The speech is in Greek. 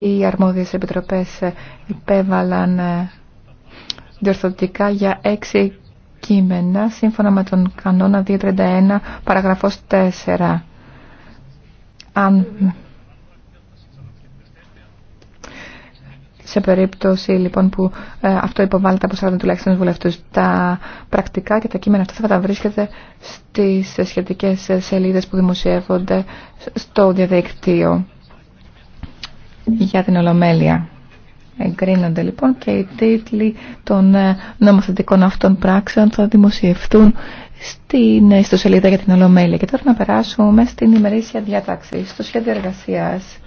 οι αρμόδιες επιτροπές υπέβαλαν ε, διορθωτικά για έξι κείμενα σύμφωνα με τον κανόνα 231 παραγραφός 4. σε περίπτωση λοιπόν που ε, αυτό υποβάλλεται από 40 τουλάχιστον βουλευτούς τα πρακτικά και τα κείμενα αυτά θα τα βρίσκεται στις σχετικές ε, σελίδες που δημοσιεύονται στο διαδικτύο για την Ολομέλεια. Εγκρίνονται λοιπόν και οι τίτλοι των ε, νομοθετικών αυτών πράξεων θα δημοσιευτούν στην ιστοσελίδα για την Ολομέλεια. Και τώρα να περάσουμε στην ημερήσια διάταξη, στο σχέδιο εργασίας.